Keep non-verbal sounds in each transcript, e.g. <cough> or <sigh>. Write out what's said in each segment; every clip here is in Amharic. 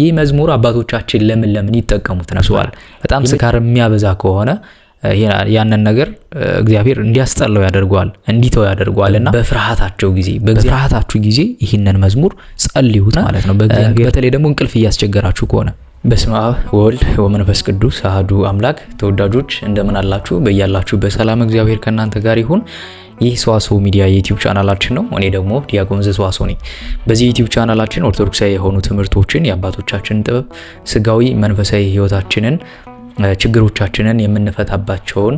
ይህ መዝሙር አባቶቻችን ለምን ለምን ይጠቀሙት ነበር? በጣም ስካር የሚያበዛ ከሆነ ያንን ነገር እግዚአብሔር እንዲያስጠላው ያደርገዋል፣ እንዲተው ያደርገዋል እና በፍርሃታቸው ጊዜ በፍርሃታችሁ ጊዜ ይህንን መዝሙር ጸልዩት ማለት ነው። በተለይ ደግሞ እንቅልፍ እያስቸገራችሁ ከሆነ በስመ አብ ወልድ ወመንፈስ ቅዱስ አህዱ አምላክ። ተወዳጆች እንደምን አላችሁ? በያላችሁ በሰላም እግዚአብሔር ከእናንተ ጋር ይሁን። ይህ ሰዋስው ሚዲያ የዩቲዩብ ቻናላችን ነው። እኔ ደግሞ ዲያቆን ዘሰዋስው ነኝ። በዚህ ዩቲዩብ ቻናላችን ኦርቶዶክሳዊ የሆኑ ትምህርቶችን፣ የአባቶቻችንን ጥበብ፣ ስጋዊ መንፈሳዊ ህይወታችንን፣ ችግሮቻችንን የምንፈታባቸውን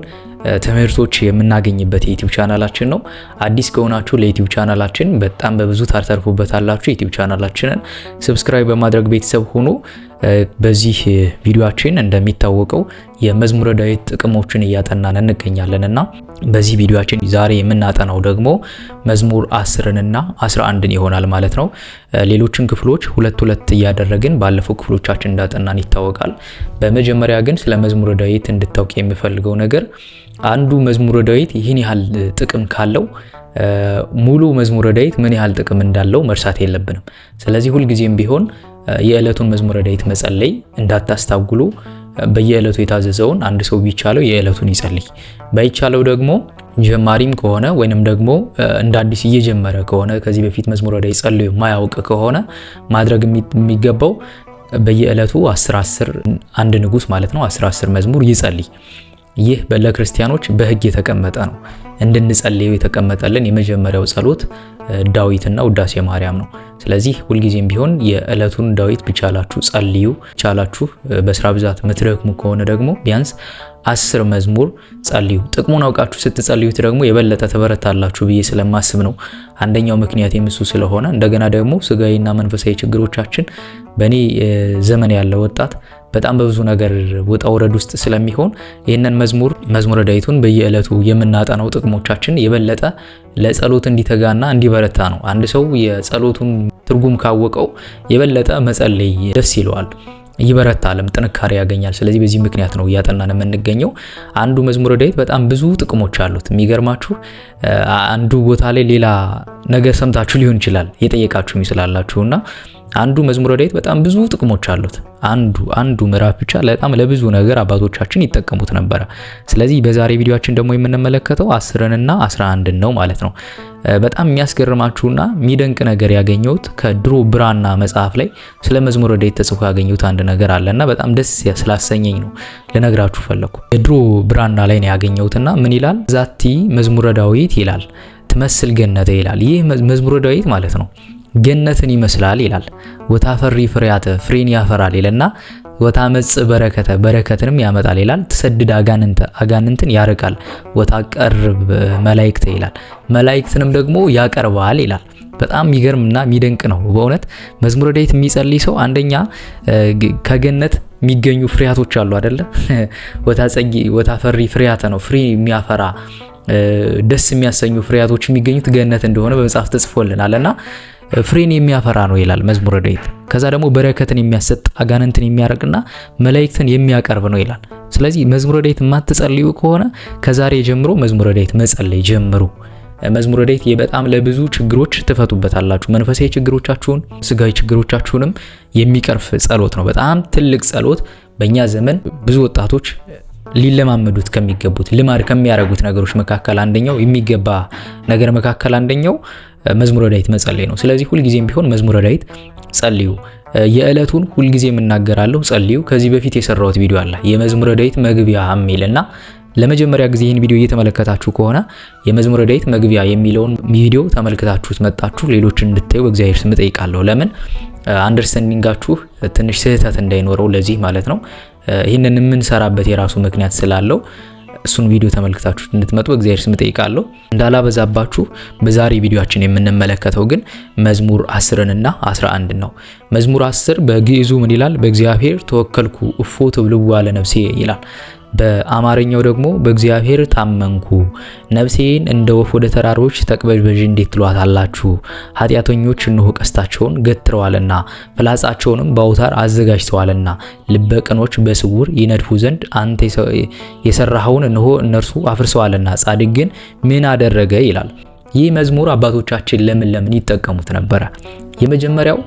ትምህርቶች የምናገኝበት የዩቲዩብ ቻናላችን ነው። አዲስ ከሆናችሁ ለዩቲዩብ ቻናላችን በጣም በብዙ ታተርፉበታላችሁ። ዩቲዩብ ቻናላችንን ሰብስክራይብ በማድረግ ቤተሰብ ሆኖ በዚህ ቪዲዮአችን እንደሚታወቀው የመዝሙረ ዳዊት ጥቅሞችን እያጠናን እንገኛለን እና በዚህ ቪዲዮአችን ዛሬ የምናጠናው ደግሞ መዝሙር 10 እና 11ን ይሆናል ማለት ነው። ሌሎችን ክፍሎች ሁለት ሁለት እያደረግን ባለፈው ክፍሎቻችን እንዳጠናን ይታወቃል። በመጀመሪያ ግን ስለ መዝሙረ ዳዊት እንድታውቅ የሚፈልገው ነገር አንዱ መዝሙረ ዳዊት ይህን ያህል ጥቅም ካለው ሙሉ መዝሙረ ዳዊት ምን ያህል ጥቅም እንዳለው መርሳት የለብንም። ስለዚህ ሁልጊዜም ቢሆን የዕለቱን መዝሙረ ዳዊት መጸለይ እንዳታስታጉሉ። በየዕለቱ የታዘዘውን አንድ ሰው ቢቻለው የዕለቱን ይጸልይ። ባይቻለው ደግሞ ጀማሪም ከሆነ ወይንም ደግሞ እንደ አዲስ እየጀመረ ከሆነ ከዚህ በፊት መዝሙረ ዳዊት ጸልዩ የማያውቅ ከሆነ ማድረግ የሚገባው በየዕለቱ 10 10 አንድ ንጉስ ማለት ነው 10 10 መዝሙር ይጸልይ። ይህ ለክርስቲያኖች በህግ የተቀመጠ ነው። እንድንጸልየው የተቀመጠልን የመጀመሪያው ጸሎት ዳዊትና ውዳሴ ማርያም ነው። ስለዚህ ሁልጊዜም ቢሆን የዕለቱን ዳዊት ብቻላችሁ ጸልዩ። ቢቻላችሁ በስራ ብዛት የምትደክሙ ከሆነ ደግሞ ቢያንስ አስር መዝሙር ጸልዩ። ጥቅሙን አውቃችሁ ስትጸልዩት ደግሞ የበለጠ ተበረታላችሁ ብዬ ስለማስብ ነው። አንደኛው ምክንያት የምሱ ስለሆነ እንደገና ደግሞ ስጋዊና መንፈሳዊ ችግሮቻችን በእኔ ዘመን ያለ ወጣት በጣም በብዙ ነገር ውጣ ውረድ ውስጥ ስለሚሆን ይህንን መዝሙር መዝሙረ ዳዊቱን በየዕለቱ የምናጠናው ጥቅሞቻችን የበለጠ ለጸሎት እንዲተጋና እንዲበረታ ነው። አንድ ሰው የጸሎቱን ትርጉም ካወቀው የበለጠ መጸለይ ደስ ይለዋል። ይበረታልም፣ ጥንካሬ ያገኛል። ስለዚህ በዚህ ምክንያት ነው እያጠናን የምንገኘው። አንዱ መዝሙረ ዳዊት በጣም ብዙ ጥቅሞች አሉት። የሚገርማችሁ አንዱ ቦታ ላይ ሌላ ነገር ሰምታችሁ ሊሆን ይችላል የጠየቃችሁም ይችላላችሁና አንዱ መዝሙረ ዳዊት በጣም ብዙ ጥቅሞች አሉት። አንዱ አንዱ ምዕራፍ ብቻ በጣም ለብዙ ነገር አባቶቻችን ይጠቀሙት ነበረ። ስለዚህ በዛሬ ቪዲዮአችን ደግሞ የምንመለከተው አስርንና አስራ አንድን ነው ማለት ነው። በጣም የሚያስገርማችሁና የሚደንቅ ነገር ያገኘሁት ከድሮ ብራና መጽሐፍ ላይ ስለ መዝሙረ ዳዊት ተጽፎ ያገኘሁት አንድ ነገር አለና በጣም ደስ ስላሰኘኝ ነው ልነግራችሁ ፈለኩ። የድሮ ብራና ላይ ነው ያገኘሁትና ምን ይላል? ዛቲ መዝሙረ ዳዊት ይላል ትመስል ገነተ ይላል። ይህ መዝሙረ ዳዊት ማለት ነው ገነትን ይመስላል ይላል። ወታፈሪ ፍሬያተ ፍሬን ያፈራል ወታ ወታመጽ በረከተ በረከትንም ያመጣል ይላል። ትሰድድ አጋንንተ አጋንንትን ያርቃል። ወታቀርብ መላእክት ይላል። መላእክትንም ደግሞ ያቀርባል ይላል። በጣም የሚገርምና የሚደንቅ ነው በእውነት መዝሙረ ዳዊት የሚጸልይ ሰው አንደኛ ከገነት የሚገኙ ፍሬያቶች አሉ አይደለ? <laughs> ወታ ጸጊ ወታ ፈሪ ፍሬያተ ነው ፍሬ የሚያፈራ ደስ የሚያሰኙ ፍሬያቶች የሚገኙት ገነት እንደሆነ በመጽሐፍ ተጽፎልናል እና ፍሬን የሚያፈራ ነው ይላል መዝሙረ ዳዊት። ከዛ ደግሞ በረከትን የሚያሰጥ አጋንንትን የሚያርቅና መላእክትን የሚያቀርብ ነው ይላል። ስለዚህ መዝሙረ ዳዊት የማትጸልዩ ከሆነ ከዛሬ ጀምሮ መዝሙረ ዳዊት መጸለይ ጀምሩ። መዝሙረ ዳዊት በጣም ለብዙ ችግሮች ትፈቱበታላችሁ። መንፈሳዊ ችግሮቻችሁን፣ ስጋዊ ችግሮቻችሁንም የሚቀርፍ ጸሎት ነው። በጣም ትልቅ ጸሎት። በእኛ ዘመን ብዙ ወጣቶች ሊለማመዱት ከሚገቡት ልማድ ከሚያደርጉት ነገሮች መካከል አንደኛው የሚገባ ነገር መካከል አንደኛው መዝሙረ ዳዊት መጸለይ ነው። ስለዚህ ሁልጊዜም ቢሆን መዝሙረ ዳዊት ጸልዩ። የዕለቱን ሁልጊዜ የምናገራለሁ ጸልዩ። ከዚህ በፊት የሰራሁት ቪዲዮ አለ የመዝሙረ ዳዊት መግቢያ የሚል እና ለመጀመሪያ ጊዜ ይህን ቪዲዮ እየተመለከታችሁ ከሆነ የመዝሙረ ዳዊት መግቢያ የሚለውን ቪዲዮ ተመልክታችሁት መጣችሁ ሌሎች እንድታዩ በእግዚአብሔር ስም እጠይቃለሁ። ለምን አንደርስታንዲንጋችሁ ትንሽ ስህተት እንዳይኖረው ለዚህ ማለት ነው። ይህንን የምንሰራበት የራሱ ምክንያት ስላለው እሱን ቪዲዮ ተመልክታችሁ እንድትመጡ እግዚአብሔር ስም ጠይቃለሁ። እንዳላበዛባችሁ በዛሬ ቪዲዮአችን የምንመለከተው ግን መዝሙር 10 እና 11 ነው። መዝሙር 10 በግዕዙ ምን ይላል? በእግዚአብሔር ተወከልኩ እፎ ትብልዋ ለነፍሴ ይላል። በአማርኛው ደግሞ በእግዚአብሔር ታመንኩ ነፍሴን እንደ ወፍ ወደ ተራሮች ተቅበዥበዥ እንዴት ትሏታላችሁ? ኃጢአተኞች እነሆ ቀስታቸውን ገትረዋልና ፍላጻቸውንም በአውታር አዘጋጅተዋልና ልበቅኖች በስውር ይነድፉ ዘንድ አንተ የሰራኸውን እነሆ እነርሱ አፍርሰዋልና ጻድቅ ግን ምን አደረገ ይላል። ይህ መዝሙር አባቶቻችን ለምን ለምን ይጠቀሙት ነበረ? የመጀመሪያው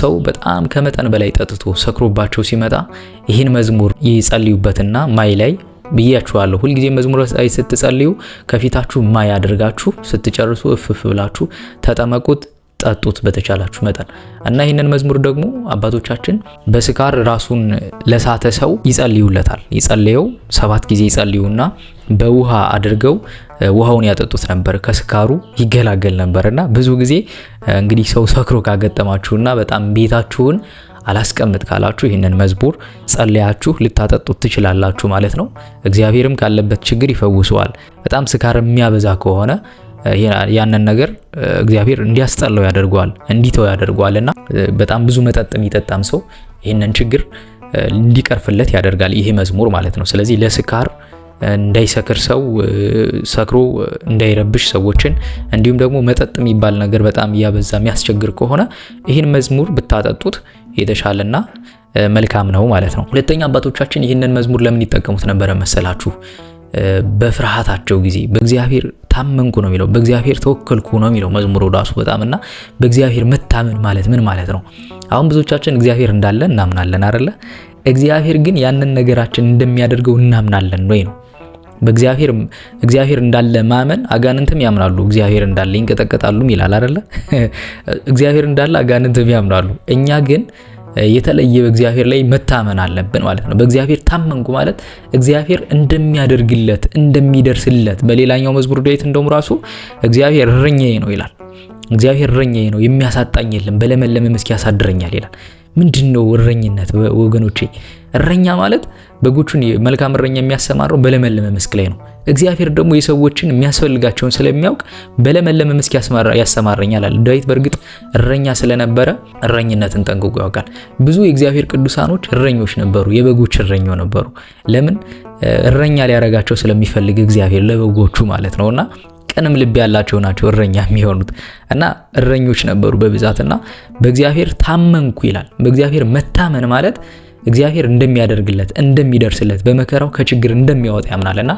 ሰው በጣም ከመጠን በላይ ጠጥቶ ሰክሮባቸው ሲመጣ ይህን መዝሙር ይጸልዩበትና ማይ ላይ ብያችኋለሁ ሁልጊዜ መዝሙር ላይ ስትጸልዩ ከፊታችሁ ማይ አድርጋችሁ ስትጨርሱ እፍፍ ብላችሁ ተጠመቁት፣ ጠጡት በተቻላችሁ መጠን እና ይህንን መዝሙር ደግሞ አባቶቻችን በስካር ራሱን ለሳተ ሰው ይጸልዩለታል። ይጸልየው ሰባት ጊዜ ይጸልዩና በውሃ አድርገው ውሃውን ያጠጡት ነበር፣ ከስካሩ ይገላገል ነበር። እና ብዙ ጊዜ እንግዲህ ሰው ሰክሮ ካገጠማችሁና በጣም ቤታችሁን አላስቀምጥ ካላችሁ ይህንን መዝሙር ጸልያችሁ ልታጠጡት ትችላላችሁ ማለት ነው። እግዚአብሔርም ካለበት ችግር ይፈውሰዋል። በጣም ስካር የሚያበዛ ከሆነ ያንን ነገር እግዚአብሔር እንዲያስጠላው ያደርገዋል፣ እንዲተው ያደርገዋል እና በጣም ብዙ መጠጥ የሚጠጣም ሰው ይህንን ችግር እንዲቀርፍለት ያደርጋል ይሄ መዝሙር ማለት ነው። ስለዚህ ለስካር እንዳይሰክር ሰው ሰክሮ እንዳይረብሽ ሰዎችን፣ እንዲሁም ደግሞ መጠጥ የሚባል ነገር በጣም እያበዛ የሚያስቸግር ከሆነ ይህን መዝሙር ብታጠጡት የተሻለና መልካም ነው ማለት ነው። ሁለተኛ አባቶቻችን ይህንን መዝሙር ለምን ይጠቀሙት ነበረ መሰላችሁ? በፍርሃታቸው ጊዜ በእግዚአብሔር ታመንኩ ነው የሚለው በእግዚአብሔር ተወከልኩ ነው የሚለው መዝሙሩ ራሱ በጣም እና በእግዚአብሔር መታመን ማለት ምን ማለት ነው? አሁን ብዙዎቻችን እግዚአብሔር እንዳለ እናምናለን አይደለ? እግዚአብሔር ግን ያንን ነገራችን እንደሚያደርገው እናምናለን ወይ ነው በእግዚአብሔር እግዚአብሔር እንዳለ ማመን አጋንንትም ያምናሉ። እግዚአብሔር እንዳለ ይንቀጠቀጣሉም ይላል አይደለ? <laughs> እግዚአብሔር እንዳለ አጋንንትም ያምናሉ። እኛ ግን የተለየ በእግዚአብሔር ላይ መታመን አለብን ማለት ነው። በእግዚአብሔር ታመንኩ ማለት እግዚአብሔር እንደሚያደርግለት እንደሚደርስለት፣ በሌላኛው መዝሙር ዳዊት እንደውም ራሱ እግዚአብሔር እረኛዬ ነው ይላል። እግዚአብሔር እረኛዬ ነው የሚያሳጣኝ የለም፣ በለመለመ መስክ ያሳድረኛል ይላል። ምንድን ነው እረኝነት ወገኖቼ? እረኛ ማለት በጎቹን መልካም እረኛ የሚያሰማረው በለመለመ መስክ ላይ ነው። እግዚአብሔር ደግሞ የሰዎችን የሚያስፈልጋቸውን ስለሚያውቅ በለመለመ መስክ ያሰማረኛል አለ ዳዊት። በእርግጥ እረኛ ስለነበረ እረኝነትን ጠንቅቆ ያውቃል። ብዙ የእግዚአብሔር ቅዱሳኖች እረኞች ነበሩ፣ የበጎች እረኞ ነበሩ። ለምን እረኛ ሊያረጋቸው ስለሚፈልግ እግዚአብሔር ለበጎቹ ማለት ነውና ቅንም ልብ ያላቸው ናቸው እረኛ የሚሆኑት እና እረኞች ነበሩ በብዛትና በእግዚአብሔር ታመንኩ ይላል። በእግዚአብሔር መታመን ማለት እግዚአብሔር እንደሚያደርግለት እንደሚደርስለት በመከራው ከችግር እንደሚያወጣ ያምናልና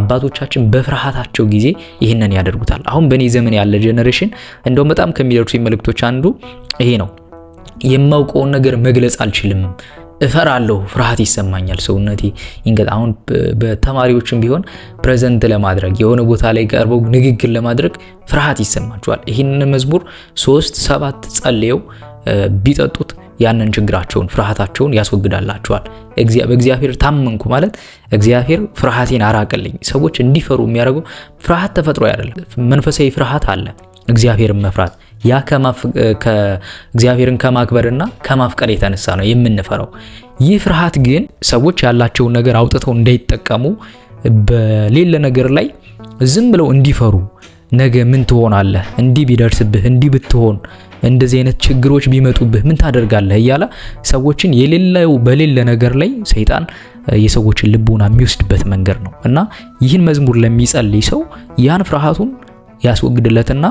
አባቶቻችን በፍርሃታቸው ጊዜ ይህንን ያደርጉታል። አሁን በእኔ ዘመን ያለ ጀኔሬሽን እንደውም በጣም ከሚደርሱ መልእክቶች አንዱ ይሄ ነው። የማውቀውን ነገር መግለጽ አልችልም፣ እፈራለሁ፣ ፍርሃት ይሰማኛል፣ ሰውነቴ ይንቀጥ። አሁን በተማሪዎችም ቢሆን ፕሬዘንት ለማድረግ የሆነ ቦታ ላይ ቀርበው ንግግር ለማድረግ ፍርሃት ይሰማቸዋል። ይህንን መዝሙር ሶስት ሰባት ጸልየው ቢጠጡት ያንን ችግራቸውን ፍርሃታቸውን ያስወግዳላቸዋል። በእግዚአብሔር ታመንኩ ማለት እግዚአብሔር ፍርሃቴን አራቀልኝ። ሰዎች እንዲፈሩ የሚያደርገው ፍርሃት ተፈጥሮ አይደለም፣ መንፈሳዊ ፍርሃት አለ። እግዚአብሔርን መፍራት ያ እግዚአብሔርን ከማክበርና ከማፍቀር የተነሳ ነው የምንፈራው። ይህ ፍርሃት ግን ሰዎች ያላቸውን ነገር አውጥተው እንዳይጠቀሙ በሌለ ነገር ላይ ዝም ብለው እንዲፈሩ ነገ ምን ትሆናለህ፣ እንዲህ ቢደርስብህ፣ እንዲህ ብትሆን እንደዚህ አይነት ችግሮች ቢመጡብህ ምን ታደርጋለህ እያለ ሰዎችን የሌለው በሌለ ነገር ላይ ሰይጣን የሰዎችን ልቦና የሚወስድበት መንገድ ነው እና ይህን መዝሙር ለሚጸልይ ሰው ያን ፍርሃቱን ያስወግድለትና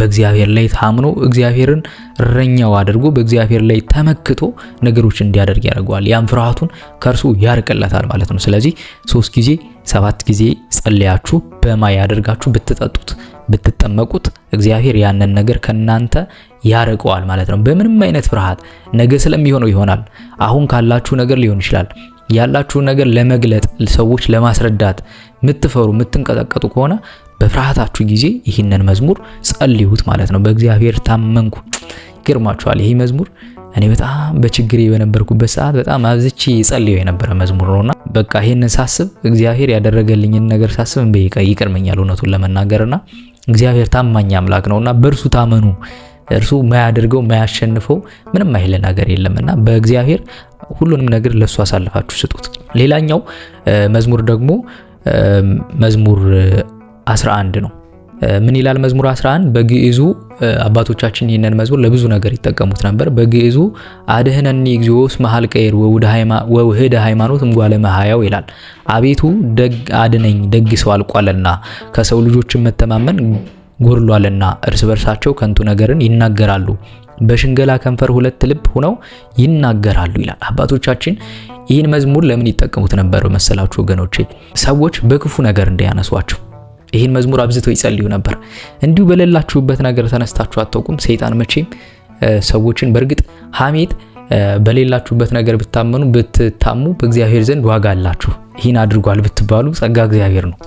በእግዚአብሔር ላይ ታምኖ እግዚአብሔርን እረኛው አድርጎ በእግዚአብሔር ላይ ተመክቶ ነገሮች እንዲያደርግ ያደርገዋል። ያን ፍርሃቱን ከእርሱ ያርቅለታል ማለት ነው። ስለዚህ ሶስት ጊዜ ሰባት ጊዜ ጸልያችሁ በማይ ያደርጋችሁ ብትጠጡት ብትጠመቁት እግዚአብሔር ያንን ነገር ከናንተ ያርቀዋል ማለት ነው። በምንም አይነት ፍርሃት ነገ ስለሚሆነው ይሆናል። አሁን ካላችሁ ነገር ሊሆን ይችላል ያላችሁ ነገር ለመግለጥ ሰዎች ለማስረዳት ምትፈሩ ምትንቀጠቀጡ ከሆነ በፍርሃታችሁ ጊዜ ይህንን መዝሙር ጸልዩት ማለት ነው። በእግዚአብሔር ታመንኩ። ይገርማችኋል፣ ይሄ መዝሙር እኔ በጣም በችግሬ በነበርኩበት ሰዓት በጣም አብዝቼ ጸልየው የነበረ መዝሙር ነውና በቃ ይሄንን ሳስብ እግዚአብሔር ያደረገልኝን ነገር ሳስብ እንበይቀ ይቀርመኛል እውነቱን ለመናገርና እግዚአብሔር ታማኝ አምላክ ነውና በእርሱ ታመኑ። እርሱ ማያደርገው ማያሸንፈው ምንም አይለን ነገር የለምና በእግዚአብሔር ሁሉንም ነገር ለሱ አሳልፋችሁ ስጡት። ሌላኛው መዝሙር ደግሞ መዝሙር 11 ነው። ምን ይላል መዝሙር 11 በግዕዙ አባቶቻችን ይህንን መዝሙር ለብዙ ነገር ይጠቀሙት ነበር። በግዕዙ አድህነኒ እግዚኦ እስመ ቀየር ወውህደ ሃይማኖት እምጓለ መሃያው ይላል። አቤቱ ደግ አድነኝ፣ ደግ ሰው አልቋልና ከሰው ልጆች መተማመን ጎድሏልና፣ እርስ በርሳቸው ከንቱ ነገርን ይናገራሉ፣ በሽንገላ ከንፈር ሁለት ልብ ሆነው ይናገራሉ ይላል። አባቶቻችን ይህን መዝሙር ለምን ይጠቀሙት ነበር መሰላችሁ ወገኖቼ? ሰዎች በክፉ ነገር እንዳያነሷቸው ይህን መዝሙር አብዝተው ይጸልዩ ነበር። እንዲሁ በሌላችሁበት ነገር ተነስታችሁ አታውቁም። ሰይጣን መቼም ሰዎችን በእርግጥ ሐሜት በሌላችሁበት ነገር ብታመኑ ብትታሙ በእግዚአብሔር ዘንድ ዋጋ አላችሁ፣ ይህን አድርጓል ብትባሉ ጸጋ እግዚአብሔር ነው።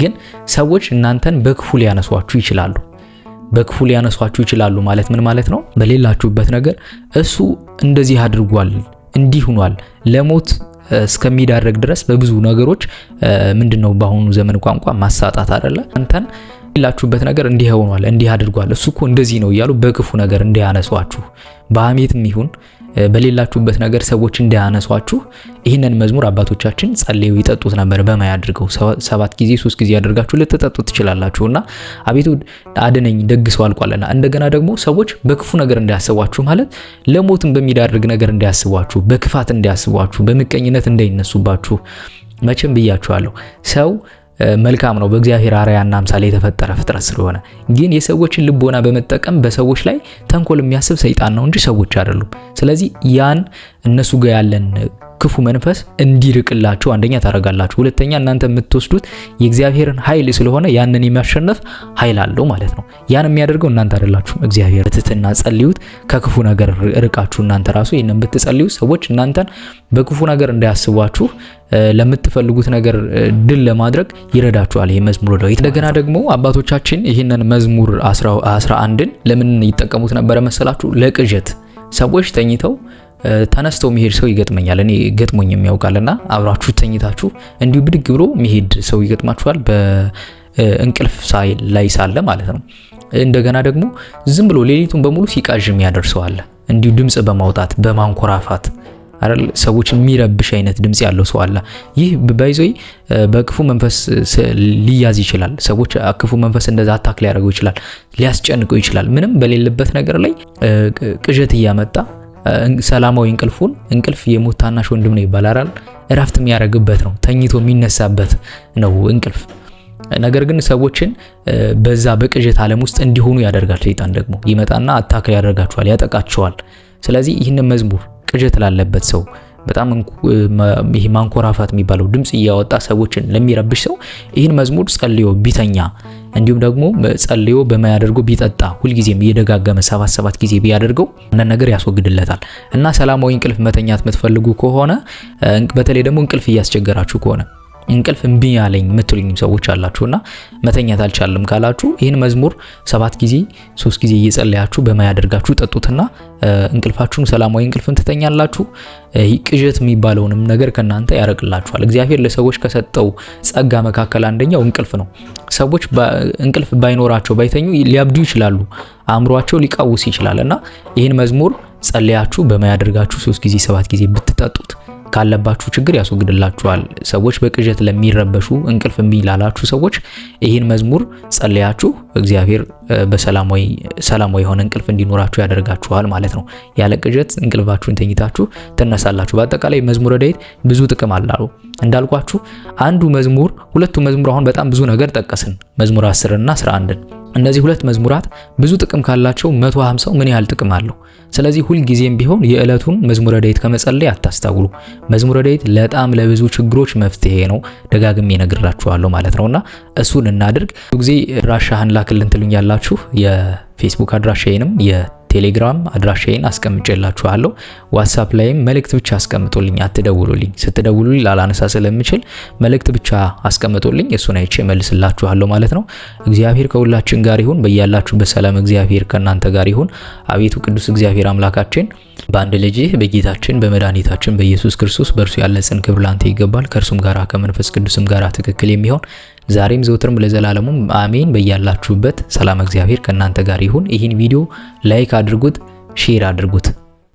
ግን ሰዎች እናንተን በክፉ ሊያነሷችሁ ይችላሉ። በክፉ ሊያነሷችሁ ይችላሉ ማለት ምን ማለት ነው? በሌላችሁበት ነገር እሱ እንደዚህ አድርጓል፣ እንዲህ ሆኗል፣ ለሞት እስከሚዳረግ ድረስ በብዙ ነገሮች ምንድነው ነው በአሁኑ ዘመን ቋንቋ ማሳጣት አይደለ አንተን የላችሁበት ነገር እንዲህ ሆኗል፣ እንዲህ አድርጓል፣ እሱ እኮ እንደዚህ ነው እያሉ በክፉ ነገር እንዲያነሷችሁ በሀሜትም ይሁን በሌላችሁበት ነገር ሰዎች እንዳያነሷችሁ ይህንን መዝሙር አባቶቻችን ጸልየው ይጠጡት ነበር። በማይ አድርገው ሰባት ጊዜ ሶስት ጊዜ ያደርጋችሁ ልትጠጡ ትችላላችሁ። አቤቱ አድነኝ ደግ ሰው አልቋልና። እንደገና ደግሞ ሰዎች በክፉ ነገር እንዳያስቧችሁ ማለት ለሞትም በሚዳርግ ነገር እንዳያስቧችሁ፣ በክፋት እንዳያስቧችሁ፣ በምቀኝነት እንዳይነሱባችሁ መቼም ብያችኋለሁ ሰው መልካም ነው በእግዚአብሔር አርአያና አምሳል የተፈጠረ ፍጥረት ስለሆነ። ግን የሰዎችን ልቦና በመጠቀም በሰዎች ላይ ተንኮል የሚያስብ ሰይጣን ነው እንጂ ሰዎች አይደሉም። ስለዚህ ያን እነሱ ጋር ያለን ክፉ መንፈስ እንዲርቅላችሁ አንደኛ ታረጋላችሁ፣ ሁለተኛ እናንተ የምትወስዱት የእግዚአብሔርን ኃይል ስለሆነ ያንን የሚያሸነፍ ኃይል አለው ማለት ነው። ያን የሚያደርገው እናንተ አይደላችሁም እግዚአብሔር። ትትና ጸልዩት፣ ከክፉ ነገር ርቃችሁ እናንተ ራሱ ይህንን ብትጸልዩ ሰዎች እናንተን በክፉ ነገር እንዳያስቧችሁ ለምትፈልጉት ነገር ድል ለማድረግ ይረዳችኋል። ይህ መዝሙር ነው። እንደገና ደግሞ አባቶቻችን ይህንን መዝሙር 11ን ለምን ይጠቀሙት ነበረ መሰላችሁ? ለቅዠት ሰዎች ተኝተው ተነስቶ መሄድ ሰው ይገጥመኛል። እኔ ገጥሞኝ የሚያውቃልና አብራችሁ ተኝታችሁ እንዲሁ ብድግ ብሎ መሄድ ሰው ይገጥማችኋል፣ በእንቅልፍ ላይ ሳለ ማለት ነው። እንደገና ደግሞ ዝም ብሎ ሌሊቱን በሙሉ ሲቃዥ የሚያደርሰው አለ። እንዲሁ ድምጽ በማውጣት በማንኮራፋት አይደል ሰዎች የሚረብሽ አይነት ድምጽ ያለው ሰው አለ። ይህ ባይዞይ በክፉ መንፈስ ሊያዝ ይችላል። ሰዎች ክፉ መንፈስ እንደዛ አታክ ሊያደርገው ይችላል፣ ሊያስጨንቀው ይችላል። ምንም በሌለበት ነገር ላይ ቅዠት እያመጣ ሰላማዊ እንቅልፉን እንቅልፍ የሞት ታናሽ ወንድም ነው ይባላል። እረፍት የሚያደርግበት ነው፣ ተኝቶ የሚነሳበት ነው እንቅልፍ። ነገር ግን ሰዎችን በዛ በቅዠት ዓለም ውስጥ እንዲሆኑ ያደርጋል። ሰይጣን ደግሞ ይመጣና አታክ ያደርጋቸዋል፣ ያጠቃቸዋል። ስለዚህ ይህንን መዝሙር ቅዠት ላለበት ሰው በጣም ይሄ ማንኮራፋት የሚባለው ድምፅ እያወጣ ሰዎችን ለሚረብሽ ሰው ይህን መዝሙር ጸልዮ ቢተኛ እንዲሁም ደግሞ ጸልዮ በማያደርገው ቢጠጣ ሁልጊዜም እየደጋገመ ሰባት ሰባት ጊዜ ቢያደርገው አንዳንድ ነገር ያስወግድለታል እና ሰላማዊ እንቅልፍ መተኛት የምትፈልጉ ከሆነ በተለይ ደግሞ እንቅልፍ እያስቸገራችሁ ከሆነ እንቅልፍ እምቢ ያለኝ የምትሉኝ ሰዎች አላችሁና መተኛት አልቻለም ካላችሁ ይህን መዝሙር ሰባት ጊዜ ሶስት ጊዜ እየጸለያችሁ በማያደርጋችሁ ጠጡትና እንቅልፋችሁን ሰላማዊ እንቅልፍን ትተኛላችሁ። ቅዠት የሚባለውንም ነገር ከእናንተ ያረቅላችኋል። እግዚአብሔር ለሰዎች ከሰጠው ጸጋ መካከል አንደኛው እንቅልፍ ነው። ሰዎች እንቅልፍ ባይኖራቸው ባይተኙ ሊያብዱ ይችላሉ። አእምሯቸው ሊቃውስ ይችላል እና ይህን መዝሙር ጸለያችሁ በማያደርጋችሁ ሶስት ጊዜ ሰባት ጊዜ ብትጠጡት ካለባችሁ ችግር ያስወግድላችኋል። ሰዎች በቅዠት ለሚረበሹ እንቅልፍ እምቢ ላላችሁ ሰዎች ይህን መዝሙር ጸልያችሁ እግዚአብሔር በሰላማዊ ሰላማዊ የሆነ እንቅልፍ እንዲኖራችሁ ያደርጋችኋል ማለት ነው። ያለ ቅዠት እንቅልፋችሁን ተኝታችሁ ትነሳላችሁ። በአጠቃላይ መዝሙረ ዳዊት ብዙ ጥቅም አላሉ እንዳልኳችሁ አንዱ መዝሙር ሁለቱ መዝሙር አሁን በጣም ብዙ ነገር ጠቀስን፣ መዝሙር 10 እና 11ን እነዚህ ሁለት መዝሙራት ብዙ ጥቅም ካላቸው 150 ምን ያህል ጥቅም አለው? ስለዚህ ጊዜም ቢሆን የዕለቱን መዝሙረ ዳዊት ከመጸለይ አታስተውሉ። መዝሙረ ዳዊት ለጣም ለብዙ ችግሮች መፍትሄ ነው፣ ደጋግሜ እነግራችኋለሁ ማለት ነውና እሱን እናድርግ። ብዙ ጊዜ ራሻህን ላክልን ትሉኛላችሁ። የፌስቡክ አድራሻዬንም የ ቴሌግራም አድራሻዬን አስቀምጬላችኋለሁ። ዋትሳፕ ላይም መልእክት ብቻ አስቀምጡልኝ፣ አትደውሉልኝ። ስትደውሉልኝ ላላነሳ ስለምችል መልእክት ብቻ አስቀምጡልኝ፣ እሱን አይቼ መልስላችኋለሁ ማለት ነው። እግዚአብሔር ከሁላችን ጋር ይሁን። በያላችሁበት ሰላም እግዚአብሔር ከእናንተ ጋር ይሁን። አቤቱ ቅዱስ እግዚአብሔር አምላካችን በአንድ ልጅህ በጌታችን በመድኃኒታችን በኢየሱስ ክርስቶስ በእርሱ ያለ ጽን ክብር ላንተ ይገባል። ከእርሱም ጋራ ከመንፈስ ቅዱስም ጋራ ትክክል የሚሆን ዛሬም ዘውትርም ለዘላለሙም አሜን። በያላችሁበት ሰላም እግዚአብሔር ከእናንተ ጋር ይሁን። ይህን ቪዲዮ ላይክ አድርጉት፣ ሼር አድርጉት።